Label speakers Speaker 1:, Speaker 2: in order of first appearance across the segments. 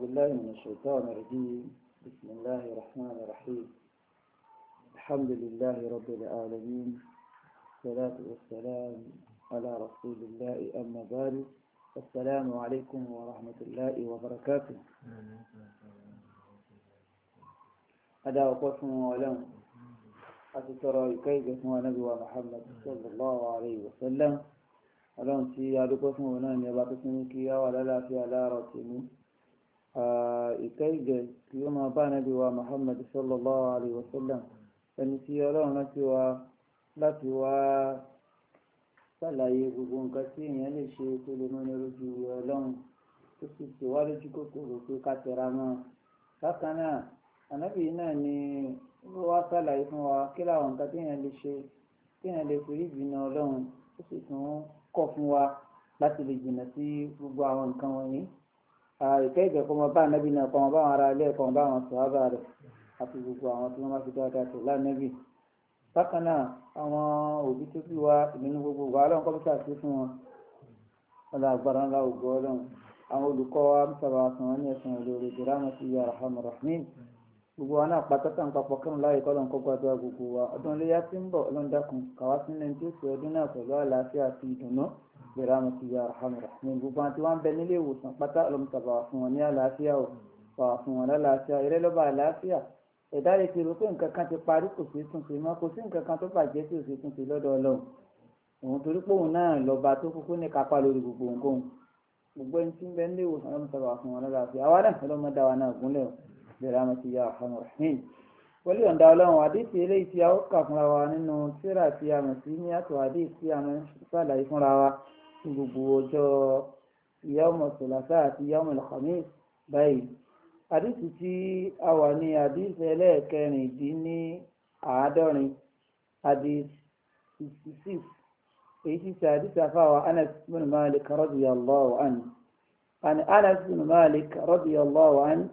Speaker 1: أعوذ بالله من الشيطان الرجيم بسم الله الرحمن الرحيم الحمد لله رب العالمين الصلاة والسلام على رسول الله أما بعد السلام عليكم ورحمة الله وبركاته أدا وقسم وعلم أتترى كيف نبي محمد صلى الله عليه وسلم ألم تي أدقفنا ونان يبقى تسمي كيا ولا لا في ألا رسمه ìkẹ́gẹ̀ kí ó máa bá nàbí wa Muhammad sallallahu alayhi wa sallam ẹni tí ọlọ́run láti wá láti wá sàlàyé gbogbo nǹkan tí èèyàn lè ṣe tó lè mọ́ni lójú ọlọ́run tó sì ti wá lójú kòkòrò pé ká tẹra mọ́ bákan náà ànábì náà ni ó wá sàlàyé fún wa kí làwọn nǹkan tí èèyàn lè ṣe tí èèyàn lè fi rí ìbínú ọlọ́run ó sì tún kọ̀ fún wa láti lè jìnnà sí gbogbo àwọn nǹkan wọ̀nyí ìfẹ́ ìgbẹ́ kọ́mọ bá ànábì náà kọ́mọ bá àwọn ará ilé kọ́mọ bá àwọn sọ̀hábà rẹ̀ àti gbogbo àwọn tí wọ́n bá fi dáadáa tó lánàbì. bákan náà àwọn òbí tó bí wa ìmínú gbogbo wa ọlọ́run kọ́ bísà sí fún wọn ọlọ́ agbára ńlá ògo ọlọ́run àwọn olùkọ́ wa ń sọ̀rọ̀ àfihàn wọn ní ẹ̀sìn olóore ìdírámà sí ya rahman rahim gbogbo wa náà pátátà bẹ̀rẹ̀ ti ya arhamu rahimin gbogbo àti wọn bẹ nílé ìwòsàn pátá ọlọmọtàbà fún wọn ní àlàáfíà o wà fún wọn lálàáfíà eré lọ́ba àlàáfíà ẹ̀dá rẹ̀ ti rò pé nǹkan kan ti parí kò sí túnṣe mọ́ kò sí nǹkan kan tó bàjẹ́ tí ò sí túnṣe lọ́dọ̀ ọlọ́run òun torí pé òun náà lọ́ba tó kúkú ní kápá lórí gbogbo nǹkan gbogbo ẹni tí ń bẹ nílé ìwòsàn ọlọmọtàbà fún wọn lálàáfíà àwa náà ọlọmọdà wa náà gúnlẹ̀ o bẹ̀rẹ̀ ti ya arhamu rahimin pẹ̀lú ọ̀dà ọlọ́run àdìsí eléyìí tí a ó kà fúnra wa nínú tírà tí a mọ̀ sí ní àtò àdìsí tí a mọ̀ sàlàyé fúnra wa gbogbo ọjọ́ yọmọ tòlásá àti yọmọ lọ́kànmí báyìí àdìsí tí a wà ní àdìsí ẹlẹ́ẹ̀kẹrin dín ní àádọ́rin àdìsí sixty six èyí tí àdìsí afáwà anas bin malik radiyallahu anhu عن أنس بن مالك رضي الله عنه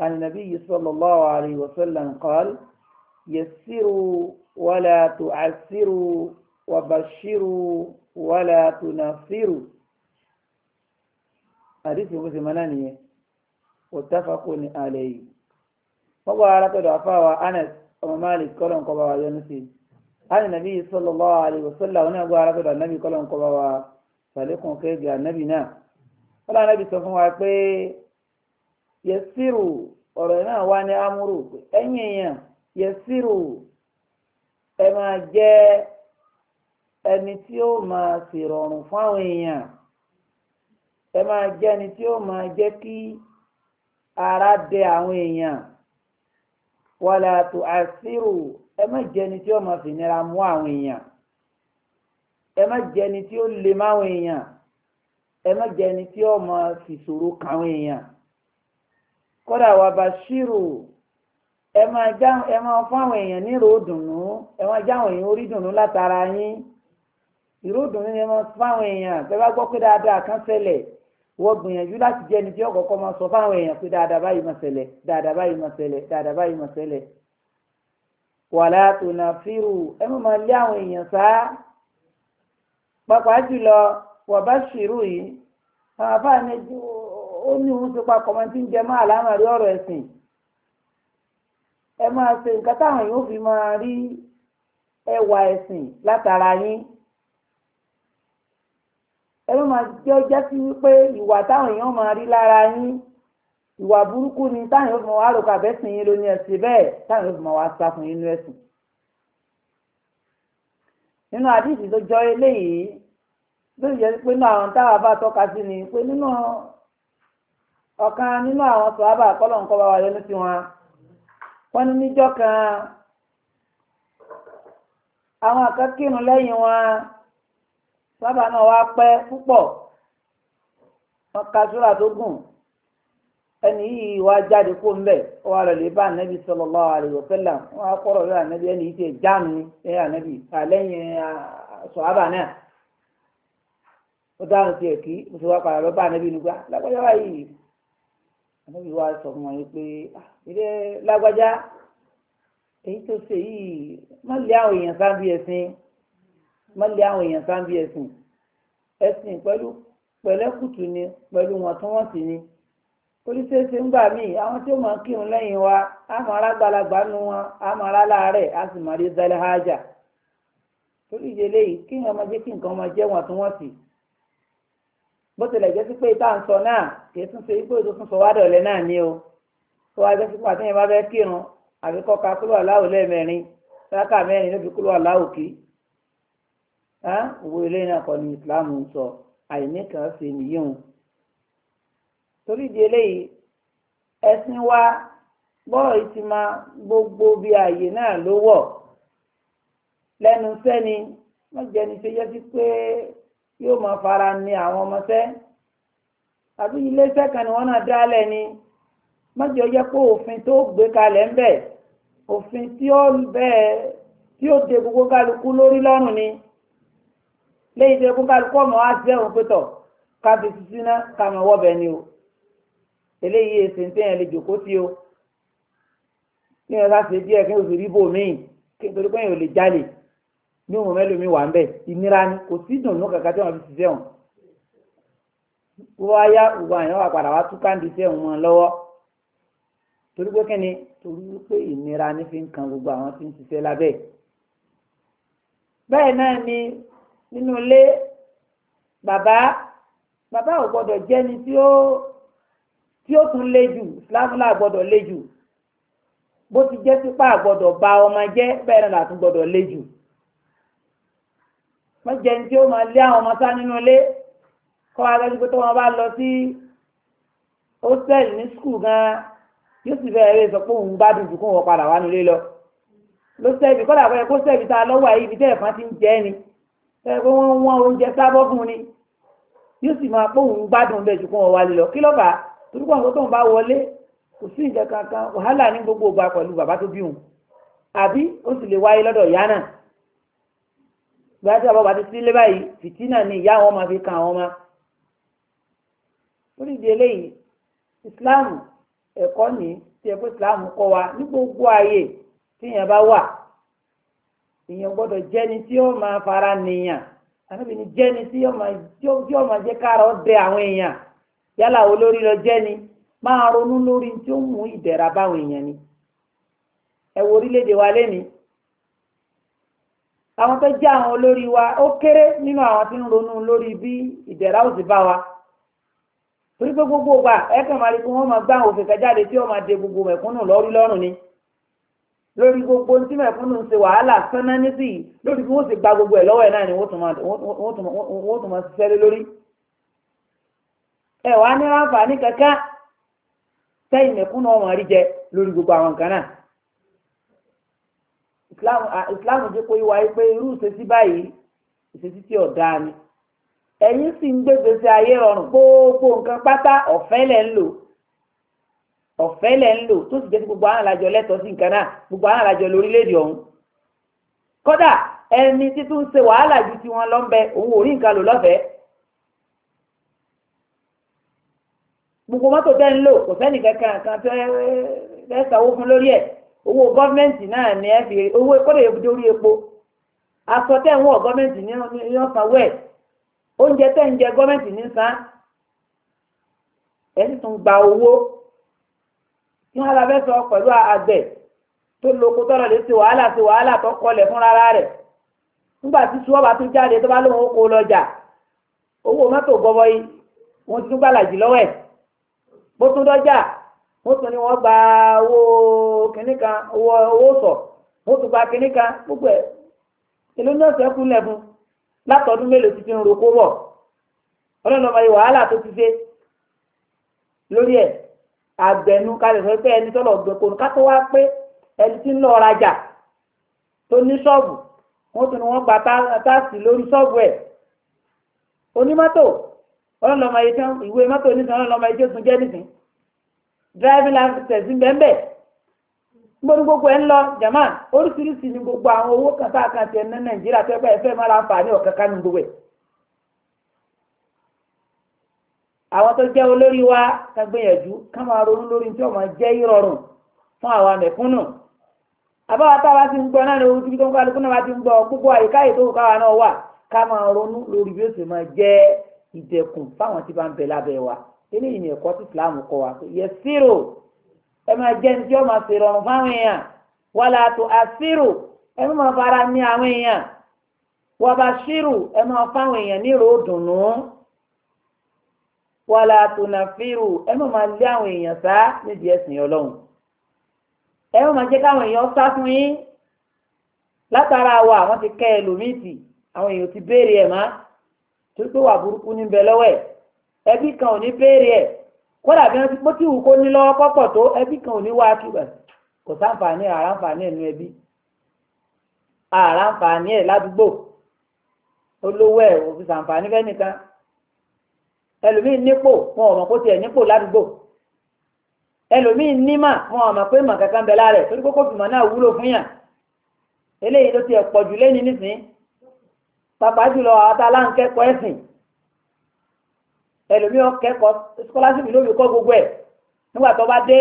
Speaker 1: عن النبي صلى الله عليه وسلم قال يسروا ولا تعسروا وبشروا wala tunafiru àdìsí bó ṣe mọ́nà nìyẹn muttafaqun alayhi wọ́n wá látọ̀dọ̀ àfáwà Anas ọmọ umm Malik kọ́lọ̀ ń kọ́ bá wa yọnu sí i hali nabi sallallahu alaihi wasallam wani agbó ara sọ́dọ̀ nabi kọlọ nǹkan bá wa sàlékún kéèjì ànábì náà wọn náà nabi sọ fún wa pé yẹsìrù ọ̀rọ̀ náà wá ní amúrù ẹ̀yìn èèyàn yẹsìrù ẹ máa ẹni tí ó máa rọrùn fáwọn èèyàn ẹ máa ẹni tí ó máa jẹ́ kí ara dẹ àwọn èèyàn wàlà tó àṣírò ẹ má jẹ́ ẹni tí ó máa fìnira mú àwọn èèyàn ẹ má ẹni tí ó lè máwọn èèyàn ẹ má ẹni tí ó máa fi soro èèyàn kódà wà bá ṣírò ẹ máa àwọn èèyàn nírò dùnú ẹ ìró ìdùnnú ni wọ́n fáwọn èèyàn pé bá gbọ́ pé dáadáa kan ṣẹlẹ̀ wọ́n gbìyànjú láti jẹ́ ẹni tí ó kọ́kọ́ máa sọ fáwọn èèyàn pé dáadáa báyìí máa ṣẹlẹ̀ dáadáa báyìí máa ṣẹlẹ̀ dáadáa báyìí máa ṣẹlẹ̀ wàlá tòun àfírù ẹ mọ̀ máa lé àwọn èèyàn sá pàápàá jùlọ wàbá ṣìrù yìí àwọn afáàní ó ní òun ti papọ̀ máa ti ń jẹ máa lámàrí ọ̀rọ̀ ẹ̀sìn ẹ máa ṣe nǹkan táwọn èèyàn fi máa rí ẹwà ẹ̀sìn látara yín máa jẹ́ jẹ́ sí wípé ìwà táwọn èèyàn máa rí lára yín ìwà burúkú ni táwọn yóò fi máa wá rò kàfẹ́sìn yín lóní ẹ̀sìn bẹ́ẹ̀ táwọn yóò fi máa wá sá fún yín nínú ẹ̀sìn. nínú àdìsí tó jọ eléyìí ló yẹ pé nínú àwọn táwa bá tọ́ka sí ni pé nínú ọ̀kan nínú àwọn sọ̀hábà kọ́lọ̀ ń bá wa yọ́nú sí wọn wọ́n ní níjọ́ kan àwọn àkọ́kírun lẹ́yìn wọn sábà náà wá pẹ́ púpọ̀ wọn ka súrà tó gùn ẹni yìí wá jáde kó ń bẹ̀ ó wá lọ́lẹ̀ bá ànábì sallallahu alaihi wasallam wọn á kọ́rọ̀ lọ́wọ́ ànábì ẹni yìí tiẹ̀ jáàmù ní ẹ̀yìn ànábì àlẹ́yìn sọ̀hábà náà ó dáhùn tiẹ̀ kí mo ti wá padà lọ bá ànábì nígbà lágbájá báyìí ànábì wá sọ fún wọn yìí pé ilé lágbájá èyí tó ṣe yìí má lé àwọn èèyàn sáà bí ẹ̀sìn mọ́lẹ̀ àwọn èèyàn sáńbí ẹ̀sìn ẹ̀sìn pẹ̀lú pẹ̀lẹ́kùtù ni pẹ̀lú wọn tí wọ́n sì ni oríṣiríṣi ń gbà míì àwọn tí ó máa kírun lẹ́yìn wa á máa rá gbalagbà nu wọn á máa rá láàárẹ̀ á sì máa rí zẹ́lẹ̀ hájà torí ìdílé yìí kí nǹkan máa jẹ́ kí nǹkan máa jẹ́ wọn tí wọ́n sì bó tilẹ̀ jẹ́ sí pé ń sọ náà kì í tún ṣe ipò ètò owó ilé náà kọ́ ni islam ń sọ àìní kan ṣe nìyíhun torí di eléyìí ẹ̀sìn wa bọ́ọ̀ ìtìmá gbogbo bí ààyè náà ló wọ̀ lẹ́nu sẹ́ni wọ́n jẹni tó yẹ sí pé yóò máa fara ní àwọn ọmọọṣẹ́ àbí iléeṣẹ́ kan ni wọ́n náà dálẹ̀ ni mọ́jọ yẹ kó òfin tó gbé kalẹ̀ ń bẹ̀ òfin tí ó bẹ́ẹ̀ tí ó de gbogbo kálukú lórí lọ́rùn ni lẹ́yìn tó yẹ kó kálukú ọmọ wa jẹ́ òun pé tọ̀ ká fi títí ná ká mọ̀ ni o eléyìí èsì ń tẹ̀yàn lè jòkó tí o ní ẹ bá ṣe díẹ̀ kí n òsì rí bò míì kí n torí pé èèyàn ò lè jalè ní òun mẹ́lòmí wà ń bẹ̀ ìnira ni kò sí dùnú kankan tí wọ́n fi ṣiṣẹ́ wọn wọ́n yá gbogbo àyàn wà padà wá túká ní iṣẹ́ wọn lọ́wọ́ torí pé kíni torí pé ìnira ní fi ń kan gbogbo àwọn tí ń ṣiṣẹ́ lábẹ́ bẹ́ẹ̀ náà ni nínú ilé bàbá bàbá ò gbọ́dọ̀ jẹ́ni tí ó tí ó tún lé jù láfúlà gbọ́dọ̀ lé jù bó ti jẹ́ sípà gbọ́dọ̀ ba ọmọ jẹ́ bẹ́ẹ̀ náà látún gbọ́dọ̀ lé jù wọ́n jẹ́ni tí ó máa lé àwọn ọmọ sá nínú ilé kọ́ adájú pé tó wọn bá lọ sí hostel ní skul gan yóò sì fẹ́ eré sọ pé òun gbádùn jù kó wọn padà wá nílé lọ ló sẹ́ẹ̀bì kọ́dà pé kó sẹ́ẹ̀bì tá lọ́wọ́ àyè ibi tẹ́ ẹ̀fọn ti ń jẹ́ ni ẹgbẹ́ wọn wọ́n oúnjẹ sábọ́ fún ni yóò sì máa pọ̀ òun gbádùn bẹ́ẹ̀ ju kó wọn wálé lọ kí lọ́ba torí pọ̀ nǹkan tó ń bá wọlé kò sí ìjẹ kankan wàhálà ní gbogbo ògbà pẹ̀lú bàbá tó bí òun àbí ó sì lè wáyé lọ́dọ̀ ìyá náà gbàtí àbọ̀bà ti sílé báyìí fìtínà ni ìyá àwọn ọmọ fi kan àwọn ọmọ lórí ìdí eléyìí ìsìláàmù ẹ̀kọ́ ní tí ẹ pé ìsìláàmù èèyàn gbọ́dọ̀ jẹ́ni tí ó máa fara nìyàn àbí ni jẹ́ni tí ó máa jẹ́ kára ó dẹ àwọn èèyàn yálà olórí lọ jẹ́ni máa ronú lórí tí ó mú ìdẹ̀ra báwọn èèyàn ni ẹ wo orílẹ̀-èdè wa lẹ́ni àwọn tó jẹ́ àwọn olórí wa ó kéré wa torí pé gbogbo ẹ kàn máa rí i pé wọ́n máa gbá òfin kan jáde tí máa de gbogbo lọ́rùn lọ́rùn ni. lórí gbogbo tí mẹ̀kúnnù ń ṣe wàhálà sánná níbí lórí bí wọ́n sì gba gbogbo ẹ̀ lọ́wọ́ ẹ̀ náà ni wọ́n tún máa ṣiṣẹ́ lé lórí. ẹ wàá ní ráǹfààní kankan sẹ́yìn mẹ̀kúnnù ọmọ rí jẹ lórí gbogbo àwọn nǹkan náà. Islam jẹ́ kó yíwa pé irú ìṣesí báyìí ìṣesí tí ọ̀dá ni. ẹ̀yin sì ń gbé gbèsè ayé rọrùn gbogbo nǹkan pátá ọ̀fẹ́ lẹ̀ ń lò ọ̀fẹ́ lẹ̀ ń lò tó sì jẹ́ gbogbo àwọn àlàjọ lẹ́tọ̀ọ́ sí nǹkan náà gbogbo àwọn àlàjọ lórílẹ̀‐èdè ọ̀hún. kódà ẹni títún ṣe wàhálà ju tiwọn lọ ń bẹ òun ò rí nǹkan lò lọ́fẹ̀ẹ́. gbogbo mọ́tò tẹ́ ń lò kò sẹ́ni kankan kan tó ẹ sanwó fún lórí ẹ̀ owó gọ́ọ̀mẹ̀ntì náà ni ẹ fi owó kódà yóò dórí epo aṣọ tẹ́ ń wọ̀ gọ́ọ̀mẹ̀ntì ní ọ̀sánwó ẹ̀ oúnjẹ tẹ́ ń jẹ gọ́ọ̀mẹ̀ntì ní kí wọn lábẹ́ sọ pẹ̀lú àgbẹ̀ tó lóko tọrọ lè ṣe wàhálà ṣe wàhálà tó kọlẹ̀ fúnra rẹ̀ nígbà tí suwọ́ba tún jáde tó bá lóun ó kó lọ́jà owó mọ́tò gọbọi wọn ti tún gbàlàjì lọ́wọ́ ẹ̀ bó tún dọ́jà wọ́n tún ní wọ́n gba owó kìnní kan owó owó sọ wọ́n tún gba kìnní kan gbogbo ẹ̀ èló ní ọ̀sẹ̀ kú lẹ́fun látọdún mélòó ti fi ń roko bọ̀ ọlọ́run ọmọ yìí wàhálà tó ti ṣe lórí ẹ̀ àgbẹ̀nu kalẹ̀ sọ pé ẹni tọ́lọ̀ gbẹ kónú kátó wá pé ẹni tí ń lọ rajà tó ní ṣọ́ọ̀bù wọ́n tún ni wọ́n gba táàsì lórí ṣọ́ọ̀bù ẹ̀ onímọ́tò ọlọ́lọ́mọ tán ìwé mọ́tò oníṣẹ́ ọlọ́lọ́mọ ayé tó jẹ́ nìsín driving license ń bẹ́ẹ̀ gbogbo gbogbo ẹ̀ ń lọ jama oríṣiríṣi ni gbogbo àwọn owó kan tá a kan ti ní Nàìjíríà tó ẹ àwọn tó jẹ́ olórí wa ká gbìyànjú ká máa ronú lórí tí ọmọ jẹ́ ìrọ̀rùn fún àwa mẹ̀kúnnù àbáwá táwa ti ń gbọ́ náà lórí tí wọ́n kálukú náà ti ń gbọ́ gbogbo àyíká ètò òkáwa náà wà ká máa ronú lórí bí ó sì máa jẹ́ ìdẹ̀kùn fáwọn tí bá ń bẹ lábẹ́ wa eléyìí ni ẹ̀kọ́ tí Islam kọ́ wa yẹ sírò ẹ máa jẹ́ ní tí ó máa ṣèrọ̀rùn fáwọn èèyàn wàlá tó àṣírò ẹ máa fara ní àwọn èèyàn wàbà ṣírò ẹ máa fáwọn èèyàn ní ròó wàlà àtùnàfírù ẹ má máa lé àwọn èèyàn sá níbi ẹ̀sìn ọlọ́run ẹ má máa jẹ́ káwọn èèyàn sá fún yín látara wa àwọn ti kẹ́ ẹlòmíì tì àwọn èèyàn ti béèrè ẹ̀ má torí pé wà burúkú ní bẹ lọ́wọ́ ẹ̀ ẹbí kan ò ní béèrè ẹ̀ kódà bí wọ́n ti pọ́ tí kó ní lọ́wọ́ pọ́pọ̀ tó ẹbí kan ò ní wá kíbà kò sáǹfààní àràǹfààní ẹ̀ nu ẹbí àràǹfààní ẹ̀ ládùúgbò olówó ẹ̀ òfin sàǹfààní fẹ́nìkan ẹlòmíì nípò wọn ò mọ̀ kó tiẹ̀ nípò ládùúgbò ẹlòmíì nímà wọn ò mọ̀ pé mọ̀ kankan bẹ̀ lára ẹ̀ torí kókó fìmọ̀ náà wúlò fún yàn eléyìí ló tiẹ̀ pọ̀jù lẹ́ni nísìn pàpà jùlọ àwọn tá a lá ń kẹ́kọ̀ọ́ ẹ̀sìn ẹlòmíì ó kẹ́kọ̀ọ́ lórí kọ́ gbogbo ẹ̀ nígbà tó bá dé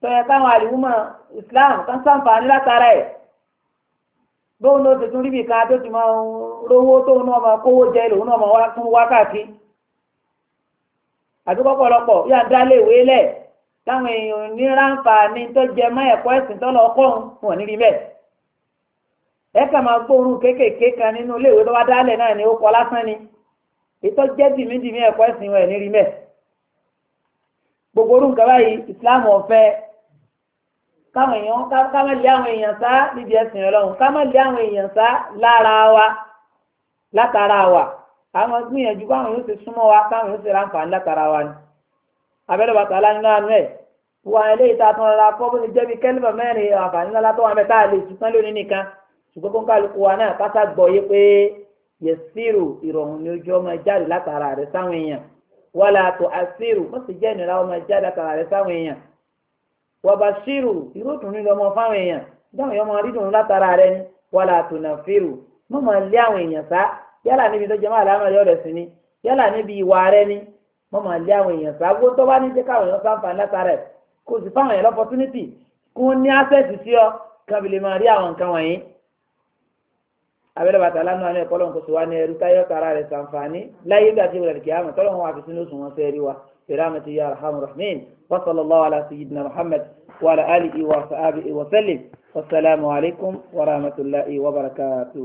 Speaker 1: tọ́yẹ káwọn àlìwúmọ̀ Islam kan sàǹfààní látara ẹ̀ bóun ló ti tún ríbi ká tó ti máa rówó tóun náà máa kówó jẹ lòun náà máa wá fún wákàtí àti pọ́pọ́lọpọ̀ yóò dálé ìwé lẹ̀ táwọn èèyàn ní ráǹfààní tó jẹ mọ́ ẹ̀kọ́ ẹ̀sìn tó lọ kọ́run wọn níbi bẹ́ẹ̀ ẹ kà máa gbóòórùn kéékèèké kan nínú iléèwé tó wá dálẹ̀ náà ni ó kọ lásán ni ètò jẹ́ dìmídìmí ẹ̀kọ́ ẹ̀sìn wọn níbi bẹ́ẹ̀ gbogbo orú nǹkan báyìí Islam ọ̀fẹ́ káwọn èèyàn ká má lé àwọn èèyàn sá níbi ẹ̀sìn Ọlọ́run ká má lé àwọn èèyàn sá lára wa látara wa àwọn gbìyànjú báwọn yóò ṣe súnmọ́ wa káwọn yóò ṣe ráǹfààní látara wa ni abẹ́rẹ́ bàtà aláǹgá nù ẹ̀ wà eléyìí tá a tún ra kọ́ bó ṣe jẹ́ bí kẹ́lífà mẹ́rin àǹfààní ńlá tó wà mẹ́ta lè ṣùgbọ́n lónìí nìkan ṣùgbọ́n kó ń kálukú wa náà kásá gbọ́ yé pé yẹ̀sírù ìrọ̀rùn ni ojú ọmọ jáde látara rẹ̀ sáwọn èèyàn wàlà àtò àṣírù wọ́n sì jẹ́ ìnira ọmọ jáde látara rẹ̀ sáwọn èèyàn wàbà ṣírù irú ìdùnnú lọmọ fáwọn èèyàn dáhùn yọmọ rídùnnú látara rẹ̀ ni wàlà àtò nàfírù mọ́mọ́ lé àwọn èèyàn yálà níbi tó jẹ́ máa lámọ̀ yọ̀rọ̀ sí ni yálà níbi ìwà rẹ ni wọ́n máa lé àwọn èèyàn sáà gbogbo tó bá ní jẹ́ káwọn èèyàn sáǹfà látara ẹ̀ kò sì fáwọn èèyàn lọ́pọ̀túnítì kí wọ́n ní access sí ọ kábi lè máa rí àwọn nǹkan wọ̀nyí. abẹ́rẹ́ bàtà lánàá ní ẹ̀kọ́ lọ́n kò sí wa ní ẹrú táyọ̀ tara rẹ̀ sàǹfààní láyé ìgbà tí ìwé rẹ̀